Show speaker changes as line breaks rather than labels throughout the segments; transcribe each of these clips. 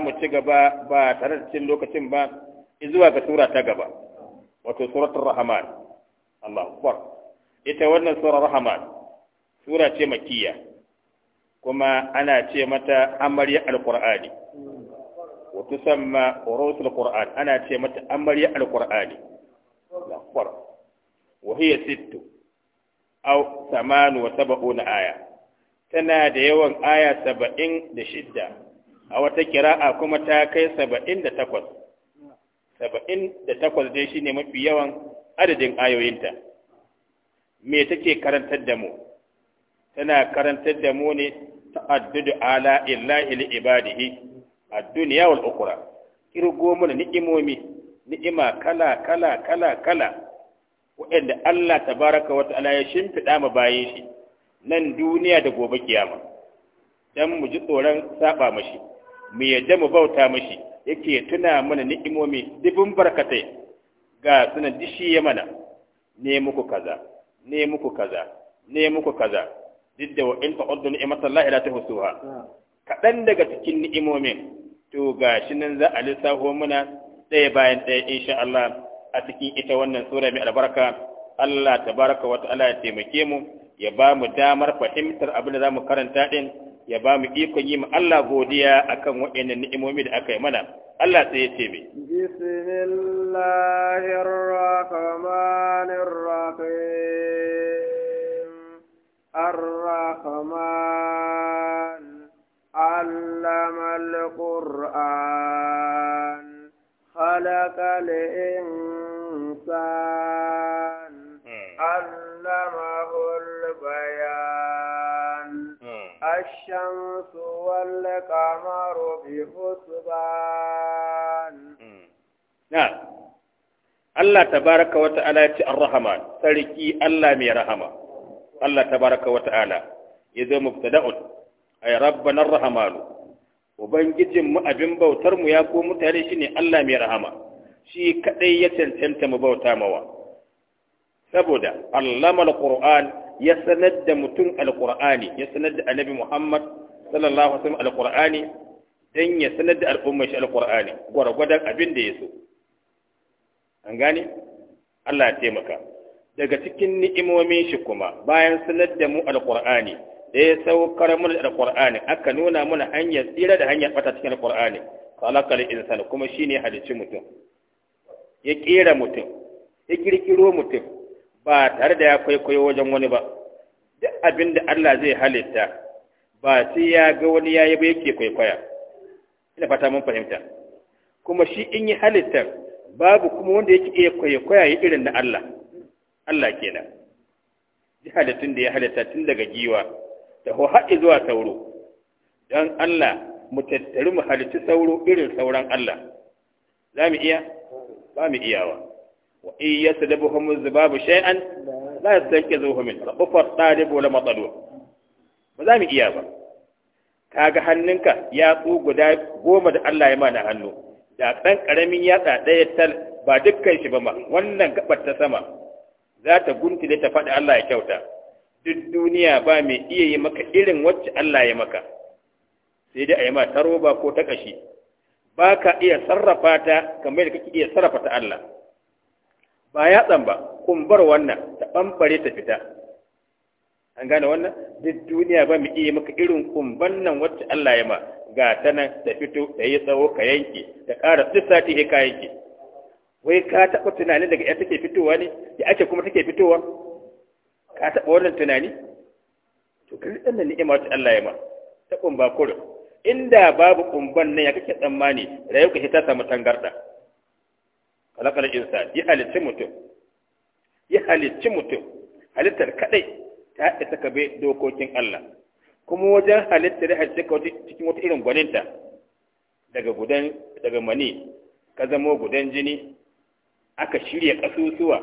mu ci gaba ba tare da cin lokacin ba zuwa ga sura ta gaba wato suratul rahman Allah akbar ita wannan surar rahman sura ce makiyya. kuma ana ce mata amarya alqur'ani wato samma urusul qur'an ana ce mata amarya alqur'ani Allah akbar wa hiya sittu aw samanu wa sab'una aya tana da yawan aya saba'in da a wata kira'a kuma ta kai saba'in da takwas saba'in da takwas dai shine mafi yawan adadin ayoyinta me take karantar da mu tana karantar da mu ne ta'addudu ala illahi li ibadihi ad-dunya wal kirgo mana ni'imomi ni'ima kala kala kala kala wa'anda Allah tabaraka wa ta'ala ya shimfida mu bayin shi nan duniya da gobe kiyama dan mu ji tsoron saba mashi mu yadda mu bauta mashi yake tuna mana ni'imomi dubin barkatai ga sunan dishi ya mana ne muku kaza ne muku kaza ne muku kaza duk da wa in ta'uddu Allah ila tahsuha kadan daga cikin ni'imomin to gashi nan za a lissafo muna ɗaya bayan ɗaya insha Allah a cikin ita wannan sura mai albarka Allah tabaraka wa ta'ala ya taimake mu ya ba mu damar fahimtar abin da za mu karanta din ya ba mu ikon yi ma Allah godiya akan waɗannan ni'imomi da aka yi mana Allah sai ya ce mai
bismillahir rahmanir rahim ar-rahman allama al-qur'an
Allah tabaraka wa ta'ala ya ce ar-rahman sarki Allah mai rahama Allah tabaraka wa ta'ala ya zama mubtada'un ay rabbana ar-rahmanu ubangijin mu abin bautar mu ya ko mutane shine Allah mai rahama shi kadai ya cancanta mu bauta mawa saboda allama al-qur'an ya sanar da mutum al-qur'ani ya sanar da annabi Muhammad sallallahu alaihi wasallam al-qur'ani dan ya sanar da al'ummar shi al-qur'ani gwargwadon abin da ya so an gane Allah ya taimaka daga cikin ni'imomin shi kuma bayan sanar da mu alqur'ani da ya saukar mana alqur'ani aka nuna mana hanyar tsira da hanyar fata cikin alqur'ani khalaqal insan kuma shine halicci mutum ya kira mutum ya kirkiro mutum ba tare da ya kwaikwayo wajen wani ba duk abin da Allah zai halitta ba sai ya ga wani yayi ba yake kwaikwaya ina fata mun fahimta kuma shi in yi halittar babu kuma wanda yake iya kwaikwaya ya irin na Allah Allah kenan ji halittun da ya halitta tun daga giwa da ho haɗe zuwa sauro don Allah mu tattari mu halitti sauro irin sauran Allah za mu iya ba mu iyawa wa iya in yasdabuhum zubabu shay'an zuwa yastanqizuhu min sabfar tsari la matsalo, ba za mu iya ba ga hannunka ya tsu guda goma da Allah ya mana hannu da ɗan ƙaramin yatsa ɗaya tal ba dukkan shi ba ma wannan gabar ta sama za ta guntule ta faɗi Allah ya kyauta duk duniya ba mai iya yi maka irin wacce Allah ya maka sai dai a yi ma ta roba ko ta ƙashi ba ka iya sarrafa ta kamar da kake iya sarrafa ta Allah ba yatsan ba kumbar wannan ta ɓamɓare ta fita an gane wannan duk duniya ba mu iya maka irin kumban nan wacce Allah ya ma ga ta nan ta fito ta yi tsawo ka yanke ta ƙara duk sati ka yanke wai ka taɓa tunanin daga ya take fitowa ne ya ake kuma take fitowa ka taɓa wannan tunani to kan ɗan ni'ima ta Allah ya ma ta ƙumba kurin inda babu ƙumban nan ya kake tsammani rayuwa ka ta samu tangarɗa kalakal insa ya halicci mutum ya halicci mutum halittar kaɗai ta haɗe ta dokokin Allah kuma wajen halittar halittaka wata cikin wata irin gwaninta daga gudan daga mani ka zamo gudan jini aka shirya kasusuwa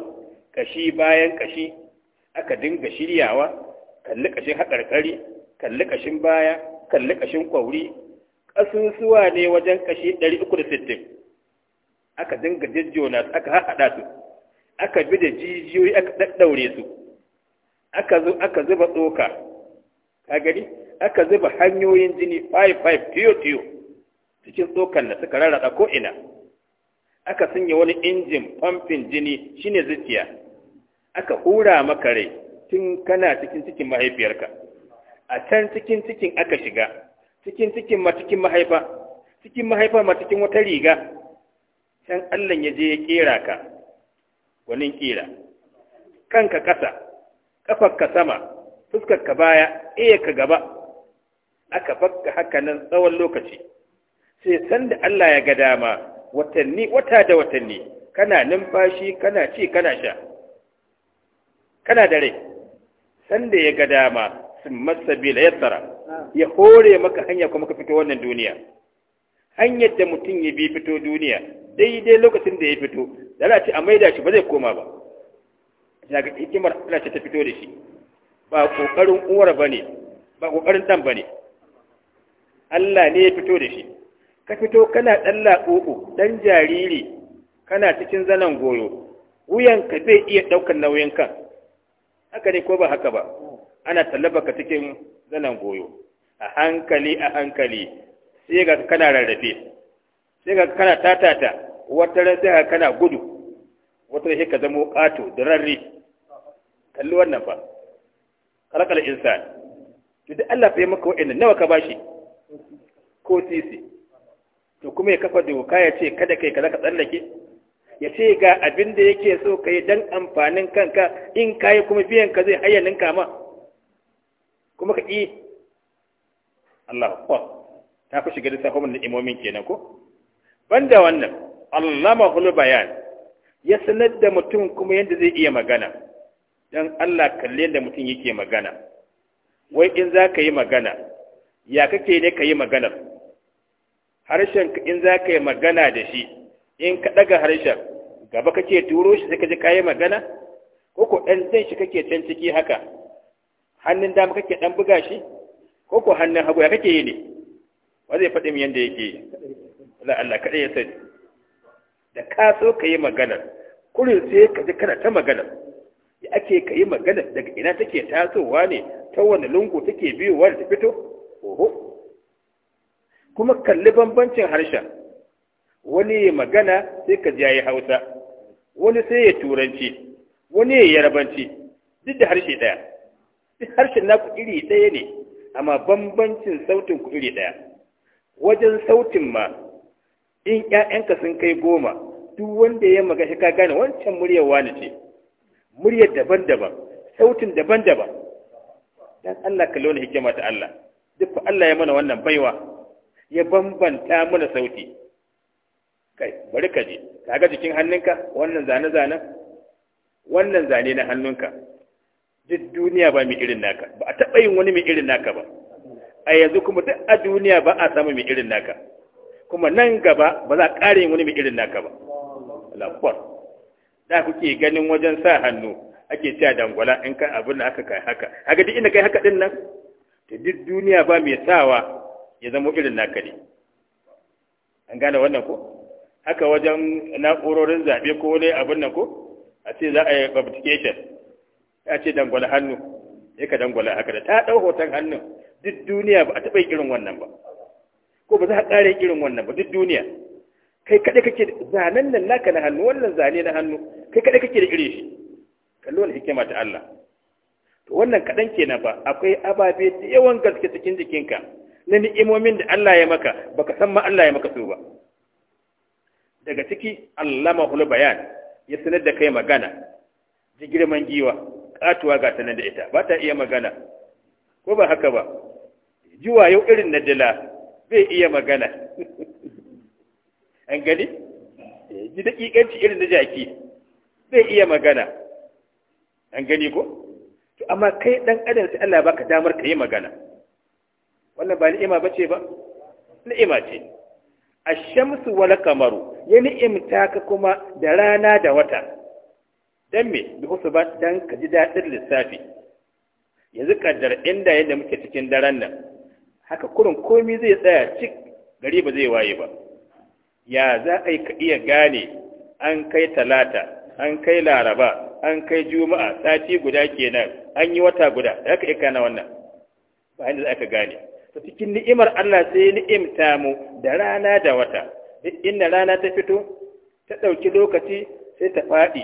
kashi bayan kashi aka dinga shiryawa kalli kashin haƙarƙari kalli kashin baya kalli kashin kwauri ƙasusuwa ne wajen kashi 360 aka dinga jejjona su aka haɗa su aka bi da jijiyoyi aka ɗaɗɗaure su aka zo aka zuba tsoka ka gani aka zuba hanyoyin jini 5-5 tiyo-tiyo cikin tsokan da suka rarrada ko'ina aka sanya wani injin famfin jini shine zuciya aka hura maka rai tun kana cikin cikin mahaifiyarka a can cikin cikin aka shiga cikin cikin ma cikin mahaifa cikin mahaifa ma cikin wata riga can Allah ya je ya kera ka wani kira kanka kasa ka sama fuskar ka baya iya ka gaba aka fakka haka nan tsawon lokaci sai san da Allah ya ga dama watanni wata da watanni kana numfashi kana ci kana sha kana da rai san da ya ga dama sun masabila ya tsara ya hore maka hanya kuma ka fito wannan duniya hanyar da mutum ya bi fito duniya daidai lokacin da ya fito da ce a maida shi ba zai koma ba daga hikimar Allah ta fito da shi ba ƙoƙarin uwar ba ne ba ƙoƙarin ɗan ba ne Allah ne ya fito da shi ka fito kana ɗan laɓoɓo ɗan jariri kana cikin zanen goyo wuyanka zai iya ɗaukar nauyin kan haka ne ko ba haka ba ana tallaba ka cikin zanen goyo a hankali a hankali sai ga kana rarrafe sai ga kana tatata wata ran sai ga kana gudu wata ran sai ka zamo ƙato da rarri kalli wannan ba kalakal insani to duk Allah sai maka wa'annan nawa ka bashi ko sisi to kuma ya kafa doka ya ce kada kai kada ka tsallake ya ce ga abin da yake so ka yi don amfanin kanka in ka yi kuma biyan ka zai ayyanin kama kuma ka ƙi Allah ko ta fi shiga lissafin wannan imomin kenan ko banda wannan Allah mahulu bayan ya sanar da mutum kuma yadda zai iya magana dan Allah kalle da mutum yake magana wai in za ka yi magana ya kake ne ka yi maganar harshen in za ka yi magana da shi in ka daga harshen gaba kake turo shi sai ka ji ka yi magana ko ko ɗan zai shi kake can ciki haka hannun dama kake ɗan buga shi ko ko hannun hagu ya kake yi ne wa zai faɗi min yadda yake yi la Allah kaɗai ya sani da ka so ka yi maganar kurin sai ka ji kana ta maganar ake ka yi magana daga ina take tasowa ne ta wani lungu take biyuwa da ta fito oho kuma kalli bambancin harshen wani ya magana sai ka ji yayi hausa wani sai ya turanci wani ya yarabanci duk da harshe ɗaya duk harshen naku iri ɗaya ne amma bambancin sautin ku iri ɗaya wajen sautin ma in 'ya'yanka sun kai goma duk wanda ya magana shi ka gane wancan muryar wani ce muryar daban-daban sautin daban-daban dan Allah ka ne hikima ta Allah duk Allah ya mana wannan baiwa ya bambanta mana sauti kai bari ka je ga jikin hannunka wannan zane zane wannan zane na hannunka duk duniya ba mai irin naka ba a taɓa yin wani mai irin naka ba a yanzu kuma duk a duniya ba a samu mai irin naka kuma nan gaba ba za a ƙara yin wani mai irin naka ba lafuwar da kuke ganin wajen sa hannu ake cewa dangwala in ka abin da aka kai haka A duk inda kai haka din nan to duk duniya ba mai sawa ya zama irin naka ne an gane wannan ko haka wajen na'urorin zaɓe ko wani abin nan ko a ce za a yi publication a ce dangwala hannu ya ka dangwala haka da ta ɗau hoton hannun duk duniya ba a taɓa irin wannan ba ko ba za a ƙara irin wannan ba duk duniya kai kaɗai kake zanen nan naka na hannu wannan zane na hannu kai kada kake da iri shi kallo wani hikima ta Allah to wannan kadan kenan ba akwai ababe da yawan gaske cikin jikinka na ni'imomin da Allah ya maka baka san ma Allah ya maka su ba daga ciki allamahul bayan ya sanar da kai magana ji girman giwa katuwa ga sanar da ita ba ta iya magana ko ba haka ba jiwa yau irin na dila zai iya magana an gani eh, ji daƙiƙanci irin na jaki zai iya magana an gani ko to amma kai dan adam sai Allah baka damar ka yi magana wannan ba ni'ima bace ba ni'ima ce ash-shamsu wal qamaru ya ni'imta ka kuma da rana da wata dan me bi ba dan ka ji dadin lissafi yanzu kaddar inda yadda muke cikin daren nan haka kurin komai zai tsaya cik gari ba zai waye ba ya za a ka iya gane an kai talata an kai laraba an kai juma'a sati guda kenan an yi wata guda da aka ika wannan ba inda za ka gane to cikin ni'imar Allah sai ni'imta mu da rana da wata inna rana ta fito ta ɗauki lokaci sai ta faɗi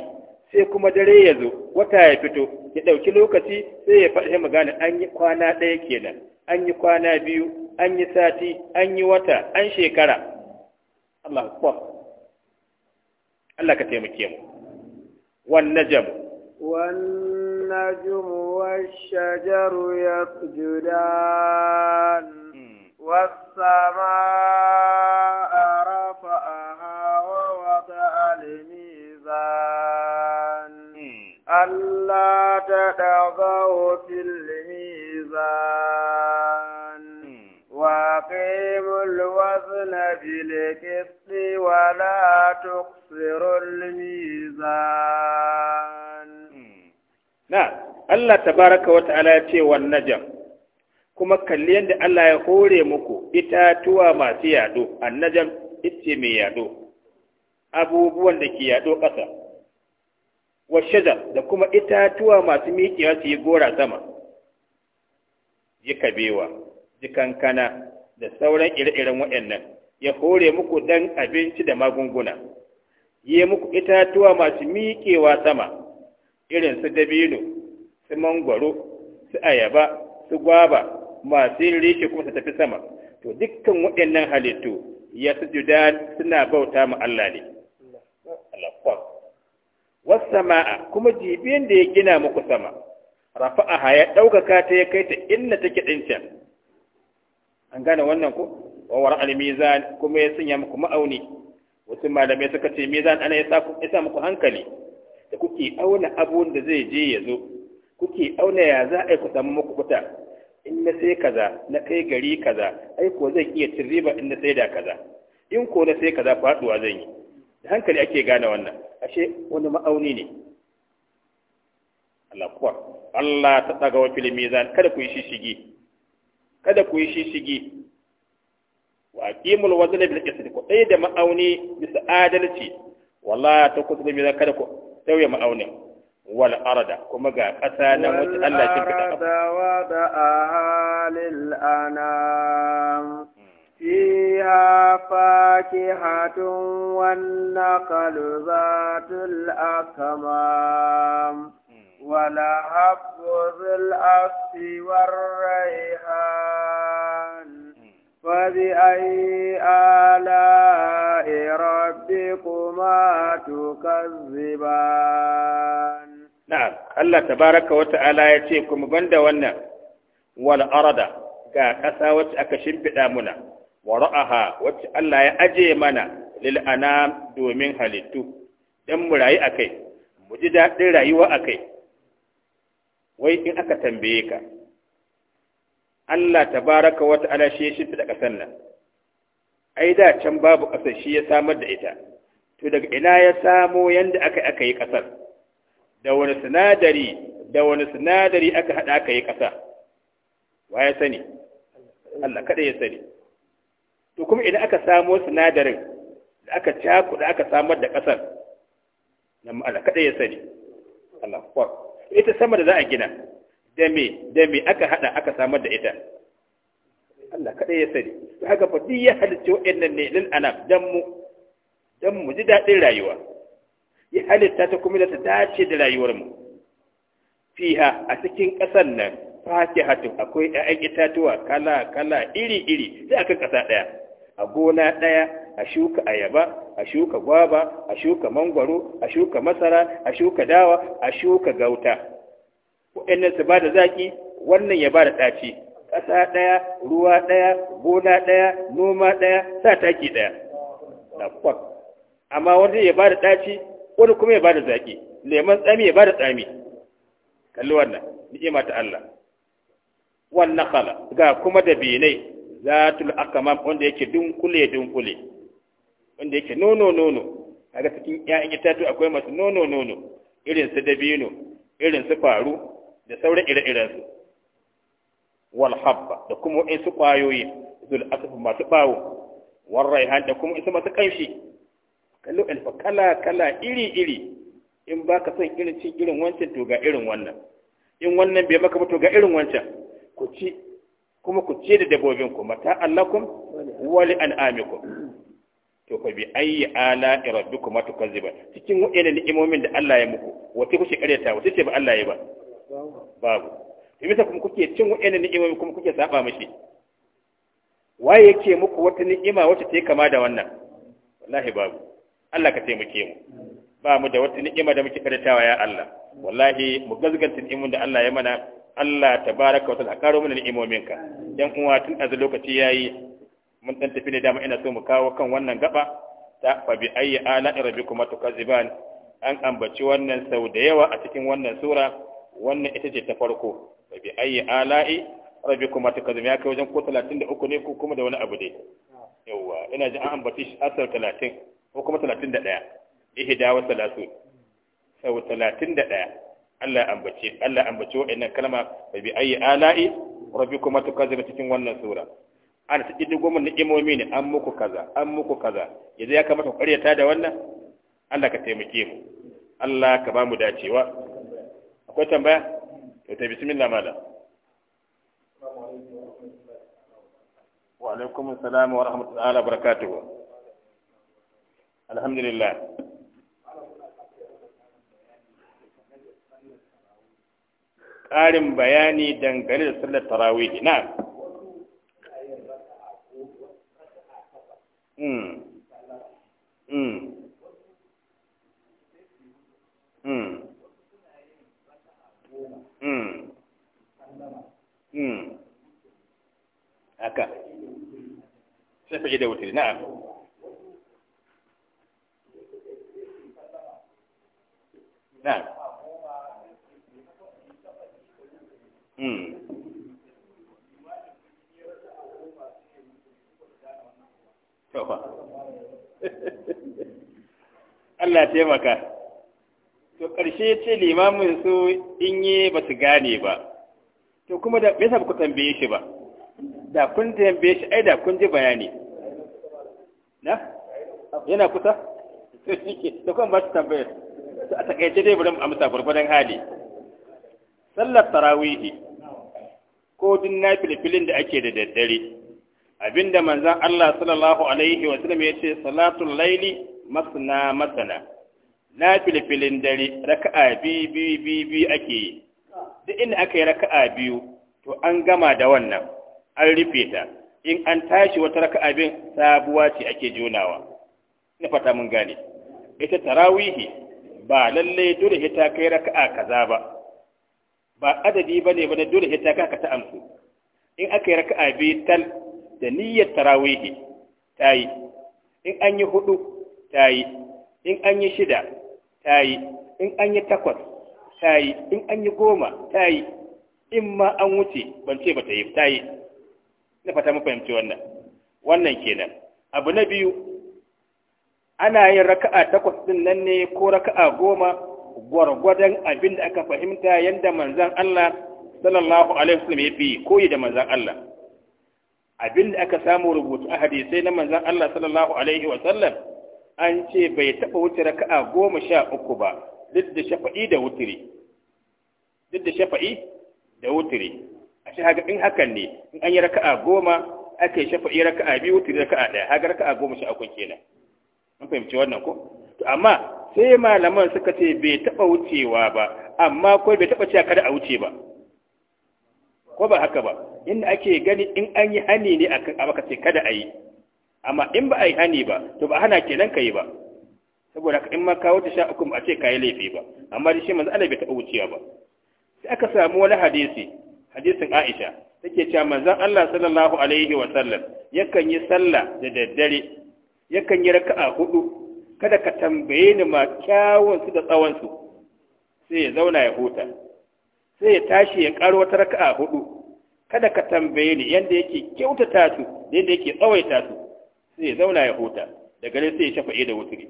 sai kuma dare ya zo wata ya fito ya ɗauki lokaci sai ya faɗi mu gane an yi kwana ɗaya kenan an yi kwana biyu an yi sati an yi wata an shekara Allah Allah ka taimake mu والنجم
والنجم والشجر يسجدان والسماء رفعها ووضع الميزان ألا تطغوا في الميزان وأقيموا الوزن بالقسط ولا تقصروا وزر الميزان
نعم الله تبارك وتعالى يتي والنجم kuma kalli yadda Allah ya hore muku itatuwa masu yado annajam ita mai yado abubuwan da ke yado ƙasa wa shajar da kuma itatuwa masu miƙewa su yi gora sama Yi kabewa ji kankana da sauran ire-iren waɗannan ya hore muku dan abinci da magunguna yi muku itatuwa masu miƙewa sama irin su dabino su mangwaro su ayaba su gwaba masu yin rishi kuma su tafi sama to dukkan waɗannan halittu ya sujuda suna bauta ma Allah ne wasu sama'a kuma jibin da ya gina muku sama rafa'aha ya ɗaukaka ta ya kai ta inna take ɗin an gane wannan ko wa wara'al kuma ya sanya muku ma'auni wasu malamai suka ce me zan ana ya sa muku hankali da kuke auna abun da zai je ya zo kuke auna ya za a yi ku samu muku kuta in na sai kaza na kai gari kaza ai ko zai iya cin riba in na sai da kaza in ko na sai kaza faduwa zan yi da hankali ake gane wannan ashe wani ma'auni ne Allah kuwa Allah ta daga wa fil zan kada ku yi shishigi kada ku yi shishigi aqimul wazn bil qist ko da ma'auni bisa adalci wallahi ta kutubu mi kada ku tauye ma'aunin wal arada kuma ga ƙasa nan wacce Allah ya
fita wa da ahalil anam فيها فاكهة والنقل ذات الأكمام ولهب ذو الأسف والريحان فبأي آلاء ربكما تكذبان
نعم الله تبارك وتعالى يتيكم بند ونا والأرض كاسا وتأكشم بدامنا ورأها وتألا يأجي منا للأنام دومين هلتو dan mu rayu a kai mu ji daɗin rayuwa a kai wai in aka tambaye ka Allah tabaraka wa ta'ala shi ya da ƙasar nan ai da can babu ƙasar shi ya samar da ita to daga ina ya samo yanda aka aka yi ƙasar da wani sinadari da wani sinadari aka haɗa aka yi ƙasa wa ya sani Allah kada ya sani to kuma idan aka samo sinadarin da aka da aka samar da ƙasar nan Allah kada ya sani Allah kwa ita sama da za a gina da me da me aka hada aka samar da ita Allah kaɗai ya sani to haka fa duk ya halicci ne lil anam dan mu dan mu ji daɗin rayuwa ya halitta ta kuma ta dace da rayuwar mu fiha a cikin ƙasar nan fakihatu akwai ƴaƴan itatuwa kala kala iri iri da aka ƙasa ɗaya a gona ɗaya a shuka ayaba a shuka gwaba a shuka mangwaro a shuka masara a shuka dawa a shuka gauta wa'annan su ba da zaƙi wannan ya ba da ɗaci ƙasa ɗaya ruwa ɗaya gona ɗaya noma ɗaya sa taki ɗaya na kwak amma wani ya ba da ɗaci wani kuma ya ba da zaƙi leman tsami ya ba da tsami kalli wannan ni'ima ta Allah wannan kala ga kuma da benai zatul akamam wanda yake dunkule dunkule wanda yake nono nono kaga cikin ƴaƴan itatu akwai masu nono nono irin su dabino irin su faru da sauran ire-iren su wal habba da kuma wa'insu ƙwayoyi zul asafin masu ɓawo wal raihan da kuma isa masu ƙanshi kallo alfa kala kala iri iri in ba ka son irin cin irin wancan to ga irin wannan in wannan bai maka ba to ga irin wancan ku ci kuma ku ce da dabbobin ku mata allakum wali an'amikum to fa bi ayi ala rabbikum tukazziban cikin wa'ina ni'imomin da Allah ya muku wace kuke kareta wace ce ba Allah ya ba babu bisa kuma kuke cin wa'annan ni'imomi kuma kuke saba mishi waye yake muku wata ni'ima wacce ta kama da wannan wallahi babu Allah ka taimake mu ba mu da wata ni'ima da muke karatawa ya Allah wallahi mu gazganta ni'imun da Allah ya mana Allah tabaraka wa ta'ala karo mana ni'imominka dan uwa tun azu lokaci yayi mun dan tafi ne dama ina so mu kawo kan wannan gaba ta fa bi ayyi ala rabbikum tukaziban an ambaci wannan sau da yawa a cikin wannan sura wannan ita ce ta farko da bi ayi ala'i rabbi kuma ta kazumi ya kai wajen ko 33 ne ko kuma da wani abu dai yawa ina ji an ambaci asar 30 ko kuma 31 ihda wa salatu sau 31 Allah ya ambace Allah ya ambace wannan kalma da bi ayi ala'i rabbi kuma ta kazumi cikin wannan sura an ta ji goma imomi ne an muku kaza an muku kaza yanzu ya kamata ku karyata da wannan Allah ka taimake mu Allah ka ba mu dacewa ko tambaya to ta bismillah mala wa alaikum assalam wa rahmatullahi wa barakatuh alhamdulillah ƙarin bayani dangane da sallar tarawih na Mm. Mm. Mm. Hmm. Hmm. haka shafi'i da na'am na'am hmm. Allah ya taimaka. to ƙarshe ce limamin su in yi ba su gane ba to kuma da me ba ku tambaye shi ba da kun tambaye shi ai da kun ji bayani na yana kusa to shike da kun ba su tambaye to a takaice dai bari mu amsa gurgurdan hali sallar tarawihi ko din na filfilin da ake da daddare abinda manzon Allah sallallahu alaihi wa sallam ya ce salatul laili masna masana na filfilin dare raka'a biyu biyu biyu biyu ake yi duk inda aka yi raka'a biyu to an gama da wannan an rufe ta in an tashi wata raka'a bin sabuwa ce ake jonawa ina fata mun gane ita tarawihi ba lallai dole hita kai raka'a kaza ba ba adadi bane ba na dole hita ka ta amsu in aka yi raka'a biyu tal da niyyar tarawihi ta yi in an yi hudu ta yi in an yi shida ta yi in an yi takwas ta yi in an yi goma ta yi in ma an wuce ban ce ba ta yi ta yi na fata mu fahimci wannan wannan kenan abu na biyu ana yin raka'a takwas din nan ne ko raka'a goma gwargwadon abin da aka fahimta yadda manzan Allah sallallahu alaihi wasallam ya fi koyi da manzan Allah abin da aka samu rubutu a hadisai na manzan Allah sallallahu alaihi wasallam an ce bai taɓa wuce raka'a goma sha uku ba duk da shafa'i da wutiri duk da shafa'i da wutiri a shi haka in hakan ne in an yi raka'a goma ake shafa'i raka'a biyu wutiri raka'a ɗaya haka raka'a goma sha uku kenan an fahimci wannan ko to amma sai malaman suka ce bai taɓa wucewa ba amma ko bai taɓa cewa kada a wuce ba ko ba haka ba inda ake gani in an yi hani ne a maka ce kada a yi amma in ba a yi hani ba to ba hana kenan ka yi ba saboda in ma kawo ta sha uku ba a ce ka yi laifi ba amma da shi manzo Allah bai taɓa wuciya ba sai aka samu wani hadisi hadisin Aisha take cewa manzon Allah sallallahu alaihi wa sallam yakan yi sallah da daddare yakan yi raka'a hudu kada ka tambaye ni ma kyawun su da tsawon su sai ya zauna ya huta sai ya tashi ya karo wata raka'a hudu kada ka tambaye ni yanda yake kyautata su da yanda yake tsawaita su sai zauna ya huta da gare sai ya shafa da wuturi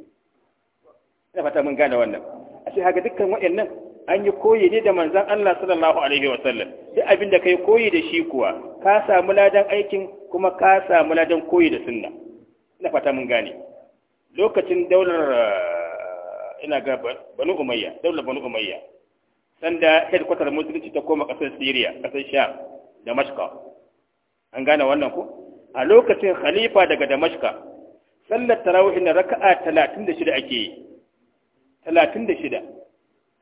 ina fata mun gane wannan a ce haka dukkan waɗannan an yi koyi ne da manzan Allah sallallahu alaihi wa sallam duk abin da kai koyi da shi kuwa ka samu ladan aikin kuma ka samu ladan koyi da sunna ina fata mun gane lokacin daular eh, ina ga banu umayya daular banu umayya sanda headquarter musulunci ta koma kasar syria kasar sham da mashka an gane wannan ko a lokacin khalifa daga damashka sallar tarawih na raka'a 36 ake yi 36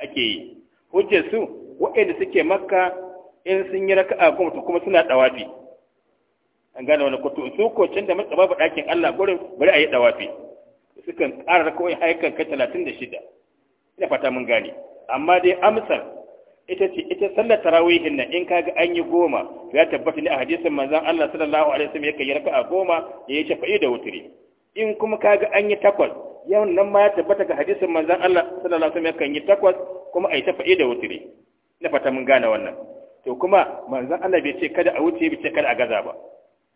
ake yi hujje su waɗanda suke makka in sun yi raka'a goma to kuma suna dawafi an gane wani kwato su ko can da matsaba ba ɗakin Allah gurin bari a yi dawafi sukan ƙara raka'o'i haikan ka 36 ina fata mun gane amma dai amsar ita ce ita sallar tarawihin nan in kaga an yi goma ya tabbata ne a hadisin manzon Allah sallallahu alaihi wasallam yake yi raka'a goma ya yi shafa'i da wutri in kuma kaga an yi takwas yau nan ma ya tabbata ga hadisin manzon Allah sallallahu alaihi wasallam yake yi takwas kuma ai shafa'i da wutri na fata mun gane wannan to kuma manzon Allah bai ce kada a wuce bai ce kada a gaza ba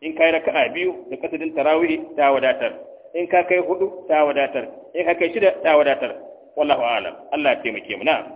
in kai raka'a biyu da kasadin tarawih ta wadatar in ka kai hudu ta wadatar in ka kai shida ta wadatar wallahu a'lam Allah ya taimake mu na'am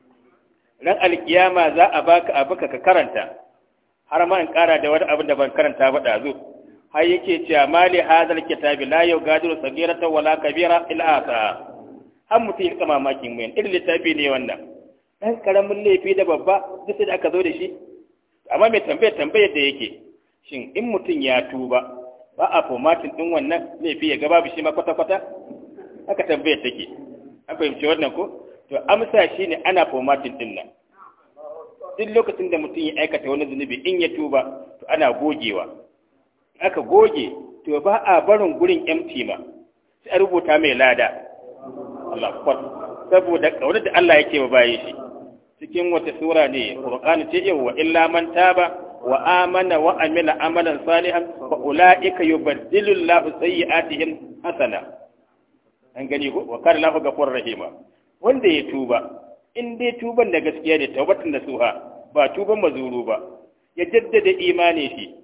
ran alkiyama za a baka abu ka karanta har ma in kara da wani abin da ban karanta ba dazu har yake cewa mali hadal kitabi la yugadiru sagirata wala kabira illa asa an mutum ya kama makin mai irin littafi ne wannan ɗan karamin laifi da babba duk sai da aka zo da shi amma mai tambaya tambaya da yake shin in mutum ya tuba ba a fomatin ɗin wannan laifi ya gaba shi ma kwata-kwata aka tambayar take an fahimci wannan ko to amsa shi ne ana formatin din nan duk lokacin da mutum ya aikata wani zunubi in ya tuba to ana gogewa aka goge to ba a barin gurin empty ma sai a rubuta mai lada Allah kwat saboda kaunar da Allah yake wa bayan shi cikin wata sura ne Qur'ani ce yawa illa man taba wa amana wa amila amalan salihan fa ulaika yubaddilu Allahu sayyi'atihim hasana an gani wa kana Allahu ghafurur rahima wanda ya tuba in dai tuban da gaskiya ne taubatun nasuha ba tuban mazuru ba ya jaddada imani shi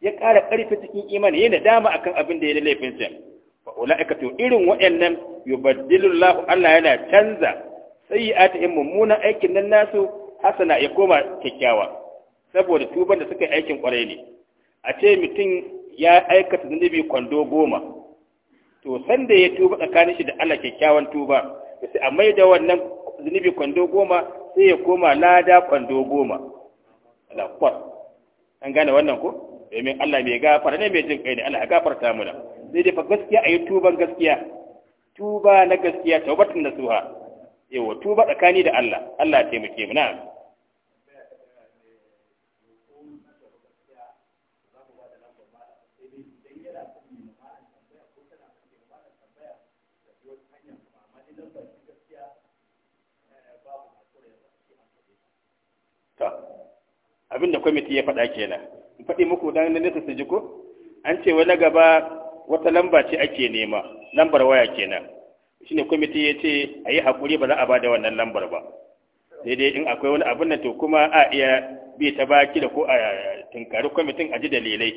ya ƙara ƙarfi cikin imani yana dama akan abin da ya laifin sa fa ulaika to irin waɗannan yubaddilu Allah Allah yana canza sayyi'atihim mummunan aikin nan nasu hasana ya koma kyakkyawa saboda tuban da suka yi aikin kwarai ne a ce mutum ya aikata zunubi kwando goma to sanda ya tuba tsakanin shi da Allah kyakkyawan tuba sai a mai da wannan zunubi kwando goma sai ya koma lada kwando goma alakwar an gane wannan ko domin Allah mai gafara ne mai jin kai ne Allah ya gafarta muna sai dai fa gaskiya ayi tuban gaskiya tuba na gaskiya taubatun nasuha yawa tuba tsakani da Allah Allah ya taimake mu na'am abin da kwamiti ya faɗa kenan in faɗi muku dan na nesa su ji ko an ce wani gaba wata lamba ce ake nema lambar waya kenan shine kwamiti ya ce a yi haƙuri ba za a ba da wannan lambar ba sai in akwai wani abin da to kuma a iya bi ta baki da ko a tunkari kwamitin a ji dalilai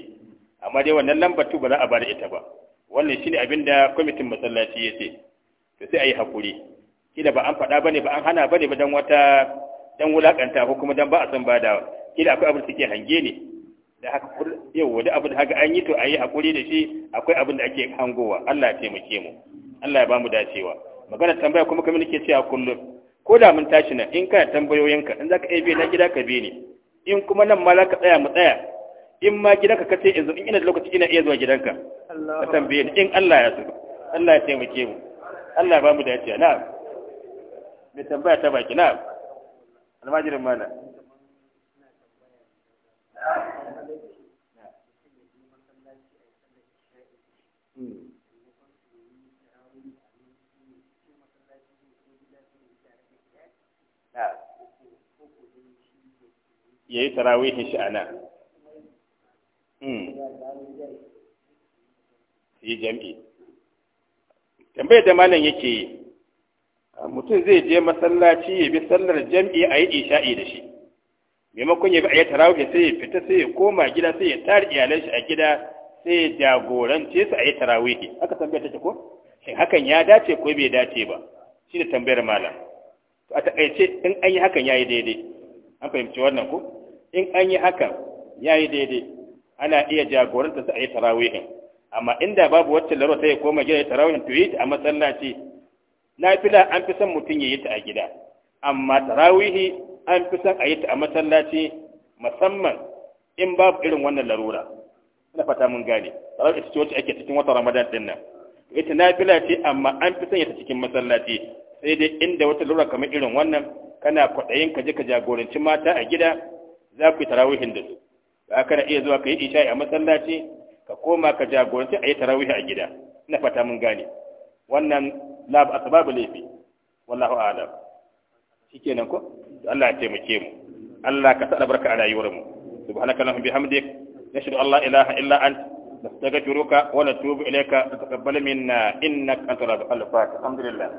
amma dai wannan lambar tu ba za a ba ita ba wannan shine abin da kwamitin masallaci ya ce to sai a yi haƙuri kila ba an faɗa ba ne ba an hana ba ne ba don wata dan wulaƙanta ko kuma dan ba a san badawa kila akwai abin da suke hange ne da haka yau da abin haka an yi to a yi haƙuri da shi akwai abin da ake hangowa Allah ya taimake mu Allah ya ba mu dacewa magana tambaya kuma kamar nake cewa kullum ko da mun tashi nan in kana tambayoyinka in zaka iya na gida ka bi ne in kuma nan ma zaka tsaya mu tsaya in ma gidanka ka ce yanzu in ina da lokaci ina iya zuwa gidanka
ka tambaye
ni in Allah ya so Allah ya taimake mu Allah ya ba mu dacewa na'am mai tambaya ta baki na'am almajirin mana Hmm. ya yi tarawihin shi a nan hmm. yi jam'i tambayar da malam yake yi mutum zai je masallaci ya bi sallar jam'i a yi isha'i da shi maimakon ya bi a yi tarawih sai ya fita sai ya koma gida sai ya tare iyalan shi a gida sai ya jagorance su a yi tarawih haka tambayar take ko shin hakan ya dace ko bai dace ba da tambayar malam to a takaice in an yi hakan yayi daidai an fahimci wannan ko in an yi hakan yayi daidai ana iya jagoranta su a yi tarawih amma inda babu wacce laro sai ya koma gida ya tarawih to yi ta a masallaci nafila an fi son mutum ya yi ta a gida amma tarawihi an fi son a yi ta a masallaci musamman in babu irin wannan larura ina fata mun gane rawar ita ce wacce ake cikin wata ramadan din nan ita nafila ce amma an fi ya ta cikin masallaci sai dai inda wata lura kamar irin wannan kana kwaɗayin ka je ka jagoranci mata a gida za ku yi tarawihin da su za kana iya zuwa ka yi isha a masallaci ka koma ka jagoranci a yi tarawihi a gida ina fata mun gane wannan la asbabu laifi wallahu a'lam shikenan ko Allah ya taimake mu Allah ka sa barka a rayuwar mu subhanaka allahumma bihamdik nashhadu an la ilaha illa anta nastaghfiruka wa natubu ilayka taqabbal minna innaka antal al-fatih alhamdulillah